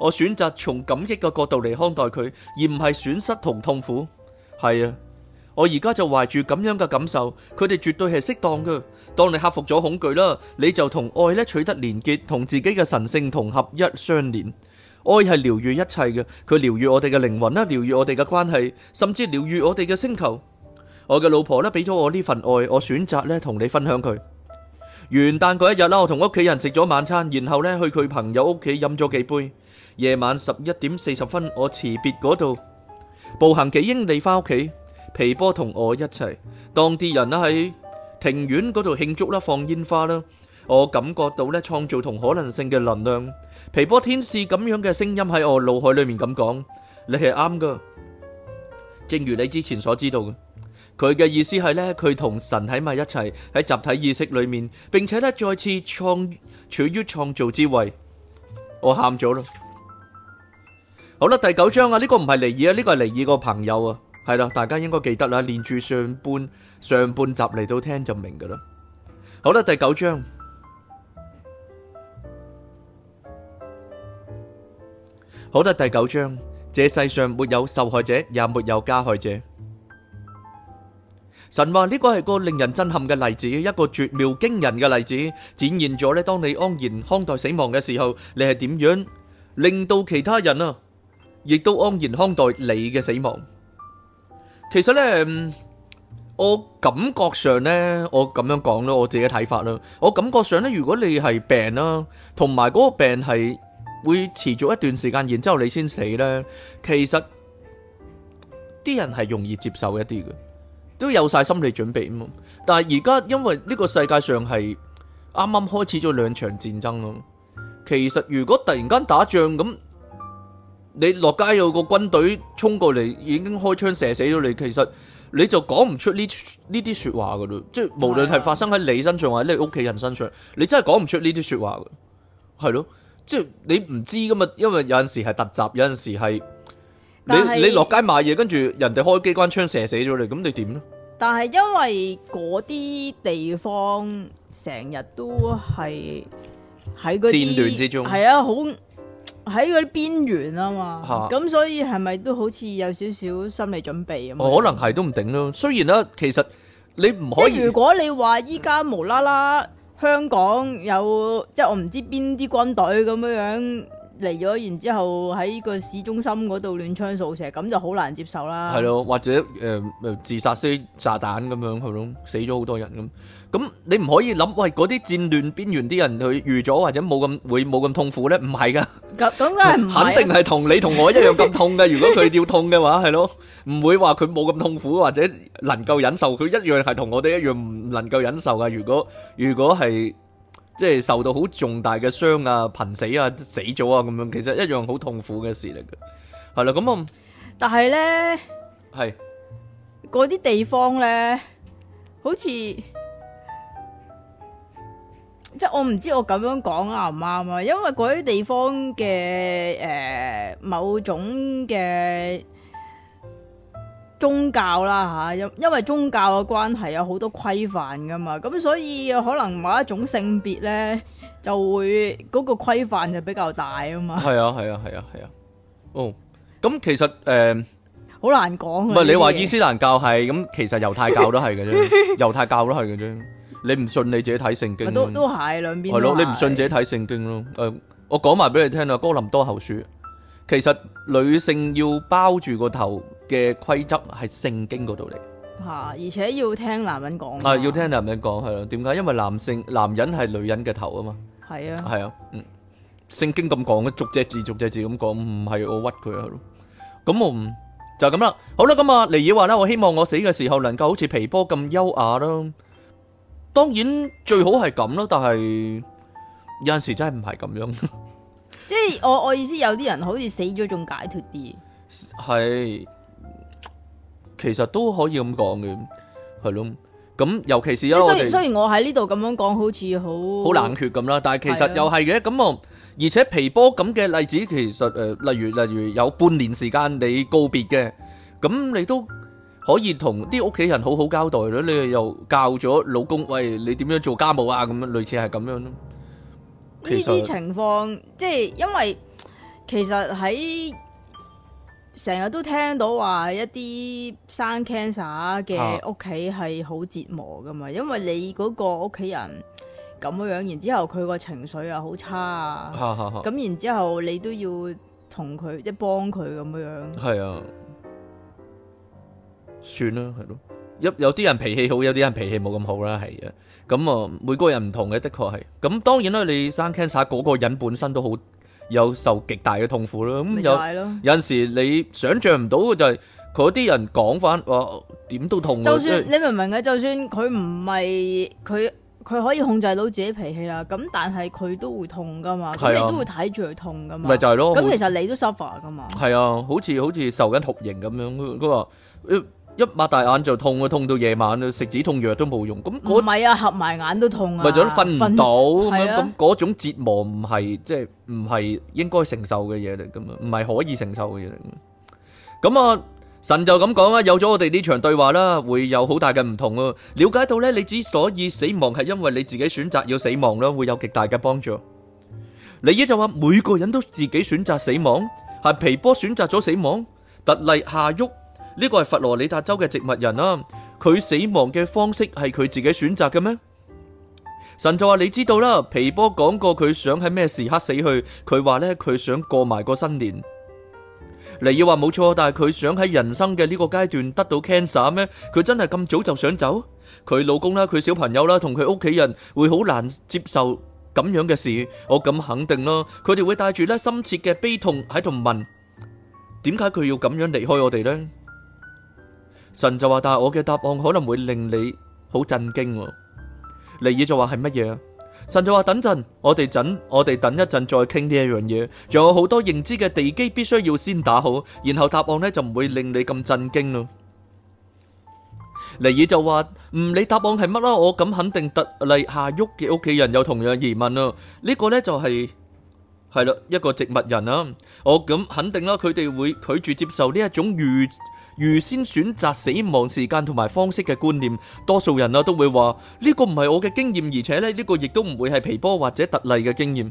我選擇從感激嘅角度嚟看待佢，而唔係損失同痛苦。係啊，我而家就懷住咁樣嘅感受，佢哋絕對係適當嘅。當你克服咗恐懼啦，你就同愛咧取得連結，同自己嘅神聖同合一相連。愛係療癒一切嘅，佢療癒我哋嘅靈魂啦，療癒我哋嘅關係，甚至療癒我哋嘅星球。我嘅老婆咧，俾咗我呢份愛，我選擇咧同你分享佢。元旦嗰一日啦，我同屋企人食咗晚餐，然後咧去佢朋友屋企飲咗幾杯。夜晚十一點四十分，我辭別嗰度，步行幾英里返屋企。皮波同我一齊，當地人啦喺庭院嗰度慶祝啦，放煙花啦。我感覺到咧創造同可能性嘅能量。皮波天使咁樣嘅聲音喺我腦海裏面咁講，你係啱噶，正如你之前所知道嘅。佢嘅意思係咧，佢同神喺埋一齊喺集體意識裏面，並且咧再次創處於創造之位。我喊咗啦，好啦，第九章啊，呢個唔係尼爾啊，呢個係尼爾個朋友啊，係啦，大家應該記得啦，連住上半上半集嚟到聽就明㗎啦。好啦，第九章，好啦，第九章，這世上沒有受害者，也沒有加害者。神話呢個係個令人震撼嘅例子，一個絕妙驚人嘅例子，展現咗咧。當你安然看待死亡嘅時候，你係點樣令到其他人啊，亦都安然看待你嘅死亡？其實咧，我感覺上咧，我咁樣講咯，我自己睇法啦。我感覺上咧，如果你係病啦，同埋嗰個病係會持續一段時間，然之後你先死咧，其實啲人係容易接受一啲嘅。都有晒心理準備啊嘛，但係而家因為呢個世界上係啱啱開始咗兩場戰爭咯。其實如果突然間打仗咁，你落街有個軍隊衝過嚟，已經開槍射死咗你，其實你就講唔出呢呢啲説話噶咯。即係無論係發生喺你身上，或者你屋企人身上，你真係講唔出呢啲説話嘅。係咯，即係你唔知噶嘛，因為有陣時係突襲，有陣時係。你你落街買嘢，跟住人哋開機關槍射死咗你，咁你點咧？但係因為嗰啲地方成日都係喺嗰啲戰亂之中，係啊，好喺嗰啲邊緣啊嘛，咁、啊、所以係咪都好似有少少心理準備咁啊？可能係都唔定咯。雖然咧，其實你唔可以。即係如果你話依家無啦啦香港有，即係我唔知邊啲軍隊咁樣樣。嚟咗，然之後喺個市中心嗰度亂槍掃射，咁就好難接受啦。係咯，或者誒誒自殺式炸彈咁樣，係咯，死咗好多人咁。咁你唔可以諗，喂嗰啲戰亂邊緣啲人，佢遇咗或者冇咁會冇咁痛苦咧？唔係噶，咁咁梗係唔係？肯定係同你同我一樣咁痛嘅。如果佢要痛嘅話，係咯，唔會話佢冇咁痛苦或者能夠忍受。佢一樣係同我哋一樣唔能夠忍受嘅。如果如果係。即係受到好重大嘅傷啊、瀕死啊、死咗啊，咁樣其實一樣好痛苦嘅事嚟嘅，係啦，咁啊，但係咧，係嗰啲地方咧，好似即係我唔知我咁樣講啱唔啱啊，因為嗰啲地方嘅誒某種嘅。宗教啦嚇，因因為宗教嘅關係有好多規範噶嘛，咁所以可能某一種性別咧就會嗰個規範就比較大啊嘛。係啊係啊係啊係啊，哦，咁其實誒，好難講。唔係你話伊斯蘭教係咁，其實猶太教都係嘅啫，猶太教都係嘅啫。你唔信你自己睇聖經，都都係兩邊都係。係咯，你唔信自己睇聖經咯。誒，我講埋俾你聽啊，《哥林多後書》，其實女性要包住個頭嘅規則係聖經嗰度嚟嚇，而且要聽男人講啊，要聽男人講係咯。點解？因為男性男人係女人嘅頭啊嘛。係啊，係啊，嗯，聖經咁講嘅，逐隻字逐隻字咁講，唔係我屈佢呀。咁我唔就係咁啦。好啦，咁啊，尼爾話呢，我希望我死嘅時候能夠好似皮波咁優雅咯。當然最好係咁咯，但係有陣時真係唔係咁樣。即係我我意思，有啲人好似死咗仲解脫啲。係。其實都可以咁講嘅，係咯，咁尤其是啊，雖然雖然我喺呢度咁樣講，好似好好冷血咁啦，但係其實又係嘅，咁啊，而且皮波咁嘅例子，其實誒，例如例如有半年時間你告別嘅，咁你都可以同啲屋企人好好交代咯，你又教咗老公，喂，你點樣做家務啊，咁樣類似係咁樣咯。呢啲情況，即係因為其實喺。成日都聽到話一啲生 cancer 嘅屋企係好折磨噶嘛，啊、因為你嗰個屋企人咁樣，然之後佢個情緒又好差啊，咁、啊、然之後你都要同佢即係幫佢咁樣。係啊，算啦，係咯、啊，有有啲人脾氣好，有啲人脾氣冇咁好啦，係啊，咁啊，每個人唔同嘅，的確係。咁當然啦，你生 cancer 嗰個人本身都好。有受極大嘅痛苦咯，咁有有陣時你想象唔到嘅，就係嗰啲人講翻話點都痛就算為。就算你明唔明嘅？就算佢唔係佢，佢可以控制到自己脾氣啦，咁但係佢都會痛噶嘛，啊、咁你都會睇住佢痛噶嘛。咪就係咯。咁其實你都 suffer 噶嘛。係啊，好似好似受緊酷刑咁樣。佢話。欸一擘大眼就痛啊，痛到夜晚啊，食止痛藥都冇用。咁嗰唔係啊，合埋眼都痛啊，為咗瞓唔到咁樣，咁嗰種折磨唔係即係唔係應該承受嘅嘢，嚟噶嘛，唔係可以承受嘅嘢嚟。咁啊，神就咁講啦，有咗我哋呢場對話啦，會有好大嘅唔同咯。了解到咧，你之所以死亡係因為你自己選擇要死亡咯，會有極大嘅幫助。你姨就話每個人都自己選擇死亡，係皮波選擇咗死亡，特例夏喐。呢個係佛羅里達州嘅植物人啊。佢死亡嘅方式係佢自己選擇嘅咩？神就話，你知道啦，皮波講過佢想喺咩時刻死去，佢話呢，佢想過埋個新年。尼爾話冇錯，但係佢想喺人生嘅呢個階段得到 cancer 咩？佢真係咁早就想走？佢老公啦，佢小朋友啦，同佢屋企人會好難接受咁樣嘅事。我咁肯定啦，佢哋會帶住呢深切嘅悲痛喺度問，點解佢要咁樣離開我哋呢？神就話，但係我嘅答案可能會令你好震驚。尼爾就話，係乜嘢？神就話，等陣，我哋等我哋等一陣再傾呢一樣嘢，仲有好多認知嘅地基必須要先打好，然後答案咧就唔會令你咁震驚咯。尼爾就話，唔理答案係乜啦？我咁肯定，特例夏沃嘅屋企人有同樣疑問啊。呢個咧就係係啦，一個植物人啊。我咁肯定啦，佢哋會拒絕接受呢一種預。預先選擇死亡時間同埋方式嘅觀念，多數人啊都會話呢個唔係我嘅經驗，而且咧呢個亦都唔會係皮波或者特例嘅經驗。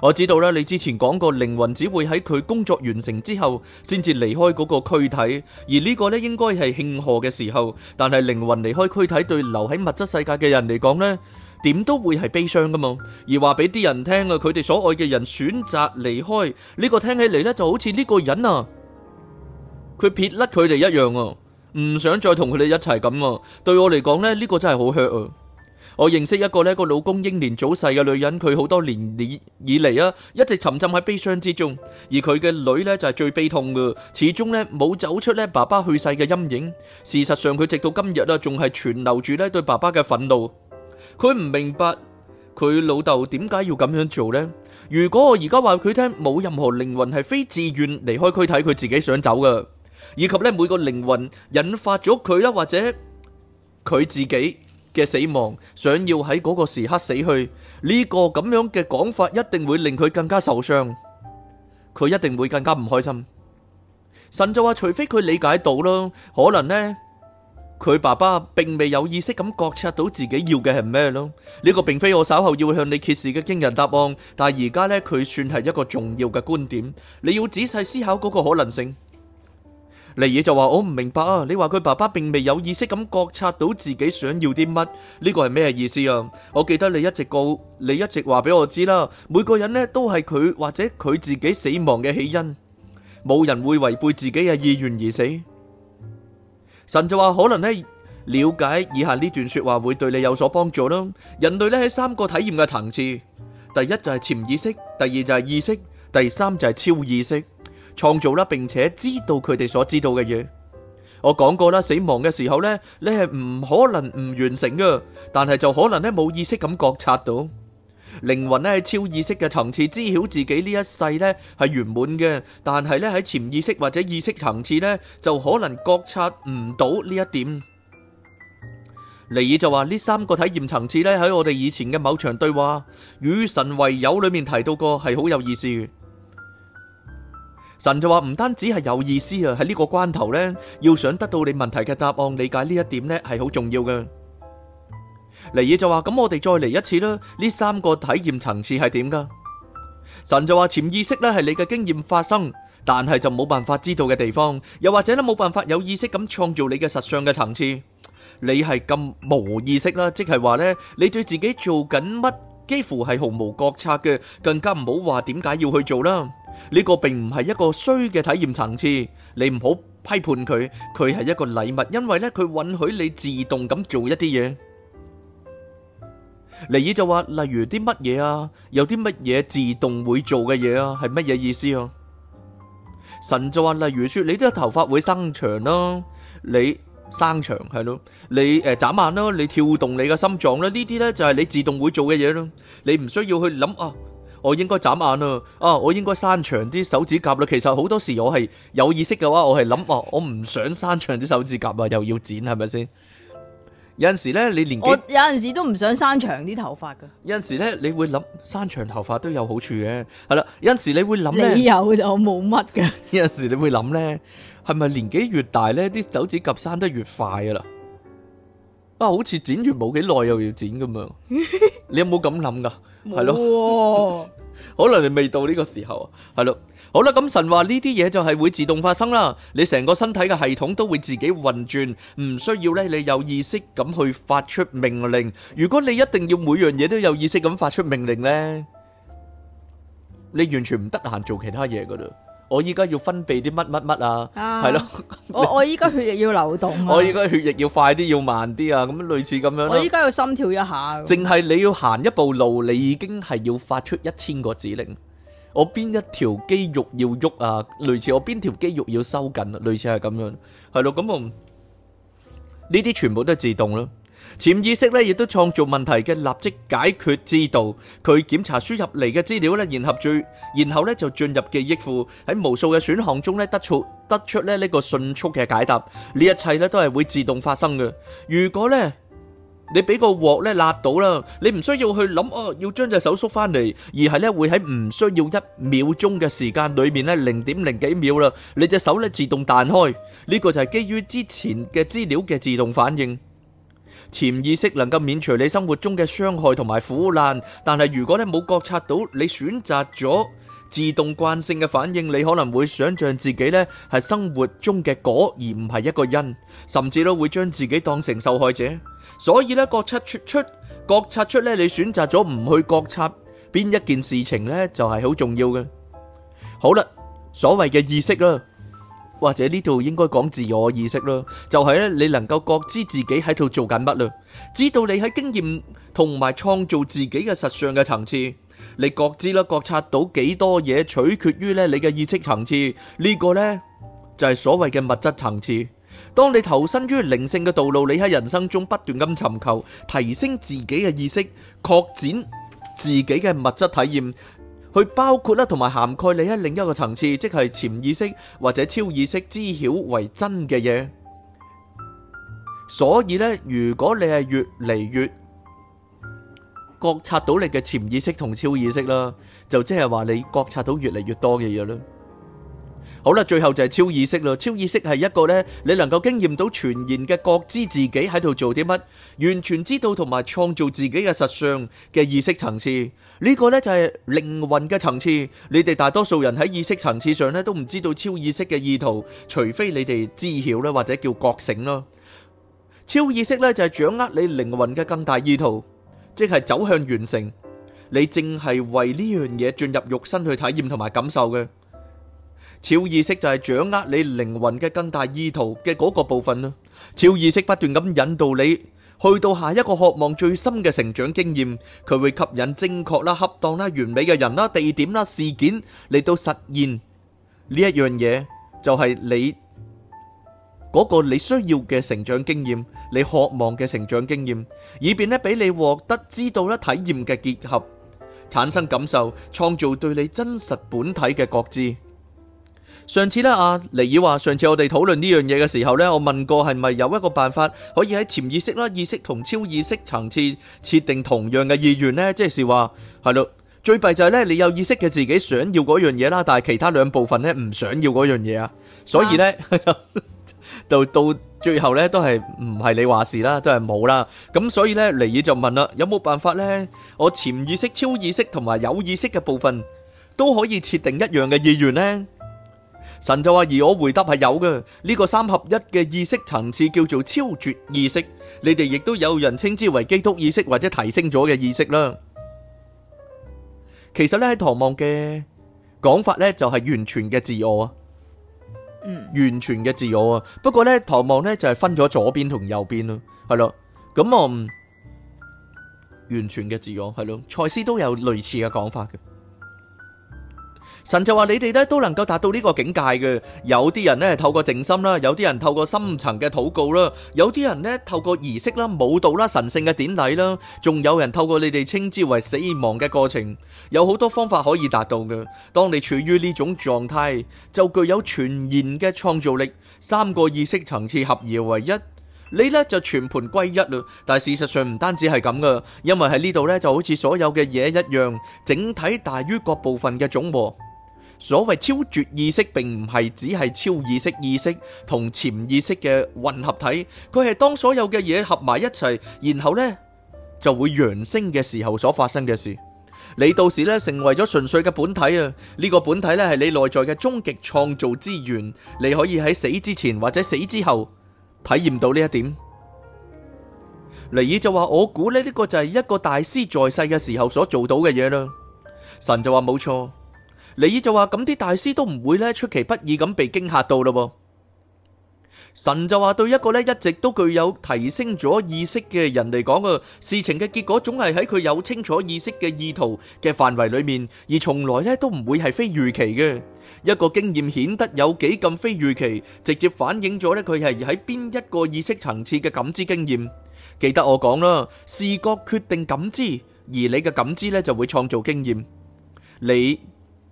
我知道啦，你之前講過靈魂只會喺佢工作完成之後先至離開嗰個軀體，而呢個咧應該係慶賀嘅時候。但係靈魂離開軀體對留喺物質世界嘅人嚟講呢，點都會係悲傷噶嘛。而話俾啲人聽啊，佢哋所愛嘅人選擇離開，呢個聽起嚟呢就好似呢個人啊。佢撇甩佢哋一樣啊，唔想再同佢哋一齊咁啊！對我嚟講呢，呢、呢個真係好 hurt 啊！我認識一個呢個老公英年早逝嘅女人，佢好多年年以嚟啊，一直沉浸喺悲傷之中。而佢嘅女呢，就係最悲痛嘅，始終呢冇走出呢爸爸去世嘅陰影。事實上，佢直到今日啊，仲係存留住呢對爸爸嘅憤怒。佢唔明白佢老豆點解要咁樣做呢？如果我而家話佢聽，冇任何靈魂係非自願離開軀體，佢自己想走嘅。以及呢每個靈魂引發咗佢啦，或者佢自己嘅死亡，想要喺嗰個時刻死去呢個咁樣嘅講法，一定會令佢更加受傷，佢一定會更加唔開心。神就話，除非佢理解到咯，可能呢佢爸爸並未有意識咁覺察到自己要嘅係咩咯。呢個並非我稍後要向你揭示嘅驚人答案，但係而家呢佢算係一個重要嘅觀點，你要仔細思考嗰個可能性。尼爾就話：我唔明白啊！你話佢爸爸並未有意識咁覺察到自己想要啲乜，呢個係咩意思啊？我記得你一直告你一直話俾我知啦，每個人呢，都係佢或者佢自己死亡嘅起因，冇人會違背自己嘅意願而死。神就話可能呢，了解以下呢段說話會對你有所幫助囉。人類呢係三個體驗嘅層次，第一就係潛意識，第二就係意識，第三就係超意識。創造啦，並且知道佢哋所知道嘅嘢。我講過啦，死亡嘅時候呢，你係唔可能唔完成嘅，但係就可能呢冇意識咁覺察到。靈魂呢係超意識嘅層次，知曉自己呢一世呢係圓滿嘅，但係呢喺潛意識或者意識層次呢，就可能覺察唔到呢一點。尼爾就話呢三個體驗層次呢，喺我哋以前嘅某場對話《與神為友》裏面提到過，係好有意思。神就話唔單止係有意思呀，喺呢個關頭呢，要想得到你問題嘅答案，理解呢一點呢，係好重要㗎。尼爾就話，咁我哋再嚟一次啦，呢三個體驗層次係點㗎？神就話潛意識呢，係你嘅經驗發生，但係就冇辦法知道嘅地方，又或者呢，冇辦法有意識咁創造你嘅實相嘅層次。你係咁無意識啦，即係話呢，你對自己做緊乜幾乎係毫無覺察嘅，更加唔好話點解要去做啦。呢個並唔係一個衰嘅體驗層次，你唔好批判佢，佢係一個禮物，因為咧佢允許你自動咁做一啲嘢。尼爾就話，例如啲乜嘢啊，有啲乜嘢自動會做嘅嘢啊，係乜嘢意思啊？神就話，例如說，你啲頭髮會生長啦，你生長係咯，你誒眨眼啦，你跳動你嘅心臟啦，呢啲咧就係你自動會做嘅嘢啦，你唔需要去諗啊。我應該眨眼啦，啊！我應該生長啲手指甲啦。其實好多時我係有意識嘅話，我係諗啊，我唔想生長啲手指甲啊，又要剪係咪先？有陣時咧，你年我有陣時都唔想生長啲頭髮㗎。有陣時咧，你會諗生長頭髮都有好處嘅，係啦。有陣時你會諗咧，你有就我冇乜嘅。有陣時你會諗咧，係咪年紀越大咧，啲手指甲生得越快啊啦？啊，好似剪完冇幾耐又要剪咁樣，你有冇咁諗噶？係咯，可能你未到呢個時候，係咯。好啦，咁神話呢啲嘢就係會自動發生啦。你成個身體嘅系統都會自己運轉，唔需要咧你有意識咁去發出命令。如果你一定要每樣嘢都有意識咁發出命令咧，你完全唔得閒做其他嘢噶啦。我依家要分泌啲乜乜乜啊？係咯，我我依家血液要流動。我依家血液要快啲，要慢啲啊！咁類似咁樣。我依家要心跳一下。淨係你要行一步路，你已經係要發出一千個指令。我邊一條肌肉要喐啊？類似我邊條肌肉要收緊，類似係咁樣。係咯，咁啊，呢啲全部都係自動咯。潛意識咧，亦都創造問題嘅立即解決之道。佢檢查輸入嚟嘅資料咧，然後聚，然後咧就進入記憶庫，喺無數嘅選項中咧，得出得出咧呢個迅速嘅解答。呢一切咧都係會自動發生嘅。如果咧你俾個鑊咧立到啦，你唔需要去諗哦，要將隻手縮翻嚟，而係咧會喺唔需要一秒鐘嘅時間裏面咧，零點零幾秒啦，你隻手咧自動彈開。呢個就係基於之前嘅資料嘅自動反應。潛意識能夠免除你生活中嘅傷害同埋苦難，但係如果你冇覺察到，你選擇咗自動慣性嘅反應，你可能會想象自己咧係生活中嘅果而唔係一個因，甚至都會將自己當成受害者。所以咧，覺察出覺察出咧，你選擇咗唔去覺察邊一件事情呢？就係好重要嘅。好啦，所謂嘅意識啦。或者呢度應該講自我意識咯，就係咧你能夠覺知自己喺度做緊乜啦，知道你喺經驗同埋創造自己嘅實相嘅層次，你覺知啦覺察到幾多嘢，取決於咧你嘅意識層次。呢個呢，就係所謂嘅物質層次。當你投身於靈性嘅道路，你喺人生中不斷咁尋求提升自己嘅意識，擴展自己嘅物質體驗。佢包括啦，同埋涵蓋你喺另一個層次，即係潛意識或者超意識知曉為真嘅嘢。所以呢，如果你係越嚟越覺察到你嘅潛意識同超意識啦，就即係話你覺察到越嚟越多嘅嘢啦。好啦，最後就係超意識咯。超意識係一個呢，你能夠經驗到全然嘅覺知自己喺度做啲乜，完全知道同埋創造自己嘅實相嘅意識層次。呢個呢，就係靈魂嘅層次。你哋大多數人喺意識層次上呢，都唔知道超意識嘅意圖，除非你哋知曉呢或者叫覺醒咯。超意識呢，就係掌握你靈魂嘅更大意圖，即係走向完成。你正係為呢樣嘢進入肉身去體驗同埋感受嘅。超意識就係掌握你靈魂嘅更大意圖嘅嗰個部分啦。超意識不斷咁引導你去到下一個渴望最深嘅成長經驗，佢會吸引正確啦、恰當啦、完美嘅人啦、地點啦、事件嚟到實現呢一樣嘢，就係你嗰個你需要嘅成長經驗，你渴望嘅成長經驗，以便咧俾你獲得知道啦、體驗嘅結合，產生感受，創造對你真實本體嘅覺知。上次咧，阿尼爾話上次我哋討論呢樣嘢嘅時候咧，我問過係咪有一個辦法可以喺潛意識啦、意識同超意識層次設定同樣嘅意願咧？即係話，係咯，最弊就係咧，你有意識嘅自己想要嗰樣嘢啦，但係其他兩部分咧唔想要嗰樣嘢啊，所以咧就到到最後咧都係唔係你話事啦，都係冇啦。咁所以咧，尼爾就問啦，有冇辦法咧？我潛意識、超意識同埋有意識嘅部分都可以設定一樣嘅意願咧？神就話而我回答係有嘅呢個三合一嘅意識層次叫做超絕意識，你哋亦都有人稱之為基督意識或者提升咗嘅意識啦。其實咧喺唐望嘅講法咧就係、是、完全嘅自我啊、嗯就是嗯，完全嘅自我啊。不過咧唐望咧就係分咗左邊同右邊咯，係咯，咁啊完全嘅自我係咯，蔡司都有類似嘅講法嘅。神就話：你哋咧都能夠達到呢個境界嘅，有啲人咧透過靜心啦，有啲人透過深層嘅禱告啦，有啲人咧透過儀式啦、舞蹈啦、神聖嘅典禮啦，仲有人透過你哋稱之為死亡嘅過程，有好多方法可以達到嘅。當你處於呢種狀態，就具有全然嘅創造力，三個意識層次合而為一，你咧就全盤歸一啦。但係事實上唔單止係咁噶，因為喺呢度咧就好似所有嘅嘢一樣，整體大於各部分嘅總和。所謂超絕意識，並唔係只係超意識、意識同潛意識嘅混合體，佢係當所有嘅嘢合埋一齊，然後呢就會揚升嘅時候所發生嘅事。你到時呢成為咗純粹嘅本體啊！呢個本體呢係你內在嘅終極創造之源，你可以喺死之前或者死之後體驗到呢一點。尼爾就話：我估咧呢個就係一個大師在世嘅時候所做到嘅嘢啦。神就話：冇錯。你就話咁啲大師都唔會咧出其不意咁被驚吓到啦噃？神就話對一個咧一直都具有提升咗意識嘅人嚟講啊，事情嘅結果總係喺佢有清楚意識嘅意圖嘅範圍裏面，而從來咧都唔會係非預期嘅。一個經驗顯得有幾咁非預期，直接反映咗咧佢係喺邊一個意識層次嘅感知經驗。記得我講啦，視覺決定感知，而你嘅感知咧就會創造經驗。你。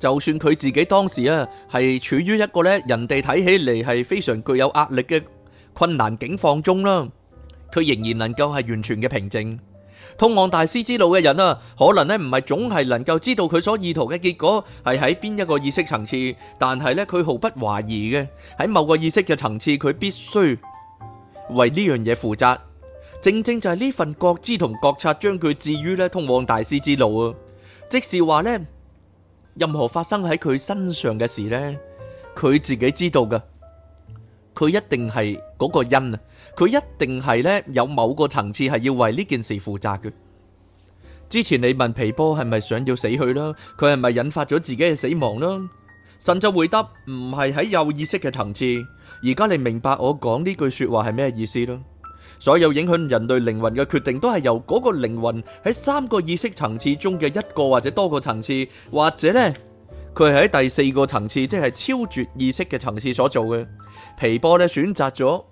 就算佢自己當時啊，係處於一個咧人哋睇起嚟係非常具有壓力嘅困難境況中啦，佢仍然能夠係完全嘅平靜。通往大師之路嘅人啊，可能咧唔係總係能夠知道佢所意圖嘅結果係喺邊一個意識層次，但係咧佢毫不懷疑嘅喺某個意識嘅層次，佢必須為呢樣嘢負責。正正就係呢份覺知同覺察，將佢置於咧通往大師之路啊。即係話咧。任何發生喺佢身上嘅事呢，佢自己知道嘅，佢一定係嗰個因啊，佢一定係呢有某個層次係要為呢件事負責嘅。之前你問皮波係咪想要死去啦，佢係咪引發咗自己嘅死亡啦？神就回答唔係喺有意識嘅層次，而家你明白我講呢句說話係咩意思咯？所有影響人類靈魂嘅決定都係由嗰個靈魂喺三個意識層次中嘅一個或者多個層次，或者呢，佢係喺第四個層次，即係超絕意識嘅層次所做嘅。皮波呢，選擇咗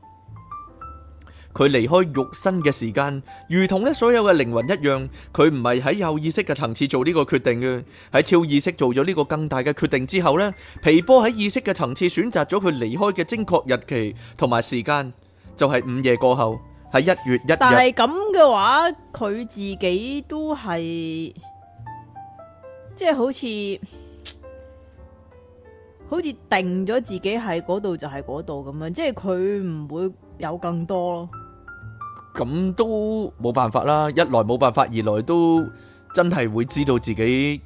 佢離開肉身嘅時間，如同呢所有嘅靈魂一樣，佢唔係喺有意識嘅層次做呢個決定嘅，喺超意識做咗呢個更大嘅決定之後呢，皮波喺意識嘅層次選擇咗佢離開嘅精確日期同埋時間，就係午夜過後。係一月一日，但係咁嘅話，佢自己都係即係好似好似定咗自己喺嗰度就係嗰度咁樣，即係佢唔會有更多咯。咁都冇辦法啦，一來冇辦法，二來都真係會知道自己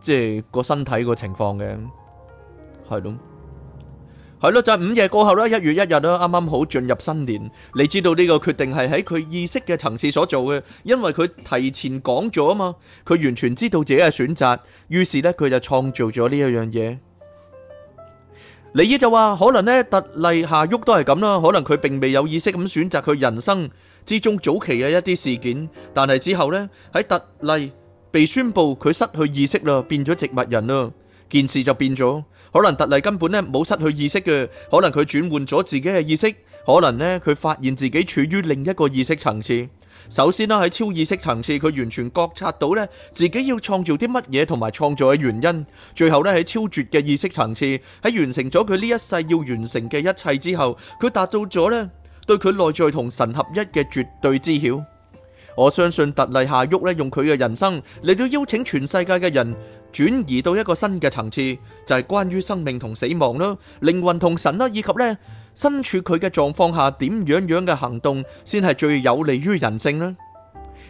即係個身體個情況嘅，係咯。係咯，就係午夜過後啦，一月一日啦，啱啱好進入新年。你知道呢個決定係喺佢意識嘅層次所做嘅，因為佢提前講咗啊嘛，佢完全知道自己嘅選擇，於是咧佢就創造咗呢一樣嘢。尼爾就話可能咧特麗夏沃都係咁啦，可能佢並未有意識咁選擇佢人生之中早期嘅一啲事件，但係之後咧喺特麗被宣布佢失去意識啦，變咗植物人啦，件事就變咗。可能特例根本呢冇失去意識嘅，可能佢轉換咗自己嘅意識，可能呢佢發現自己處於另一個意識層次。首先啦，喺超意識層次，佢完全覺察到呢自己要創造啲乜嘢同埋創造嘅原因。最後呢喺超絕嘅意識層次，喺完成咗佢呢一世要完成嘅一切之後，佢達到咗呢對佢內在同神合一嘅絕對知曉。我相信特例夏旭呢用佢嘅人生嚟到邀請全世界嘅人，轉移到一個新嘅層次，就係關於生命同死亡啦，靈魂同神啦，以及呢身處佢嘅狀況下，點樣樣嘅行動先係最有利於人性？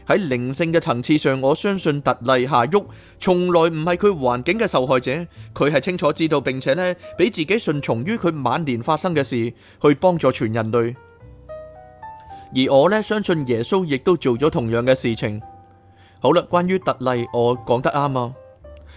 喺靈性嘅層次上，我相信特莉夏沃，從來唔係佢環境嘅受害者，佢係清楚知道並且呢畀自己順從於佢晚年發生嘅事，去幫助全人類。而我呢相信耶穌亦都做咗同樣嘅事情。好啦，關於特莉，我講得啱啊。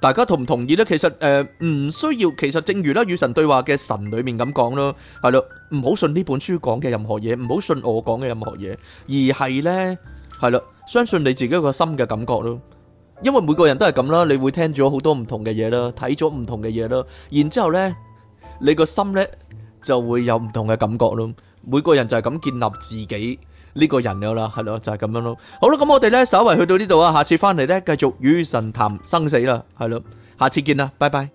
大家同唔同意呢？其實誒，唔需要。其實正如啦，與神對話嘅神裏面咁講咯，係咯，唔好信呢本書講嘅任何嘢，唔好信我講嘅任何嘢，而係呢，係啦，相信你自己個心嘅感覺咯。因為每個人都係咁啦，你會聽咗好多唔同嘅嘢啦，睇咗唔同嘅嘢啦，然之後咧，你個心呢，就會有唔同嘅感覺咯。每個人就係咁建立自己。呢個人有啦，係咯，就係咁樣咯。好啦，咁我哋咧稍微去到呢度啊，下次翻嚟咧繼續與神談生死啦，係咯，下次見啦，拜拜。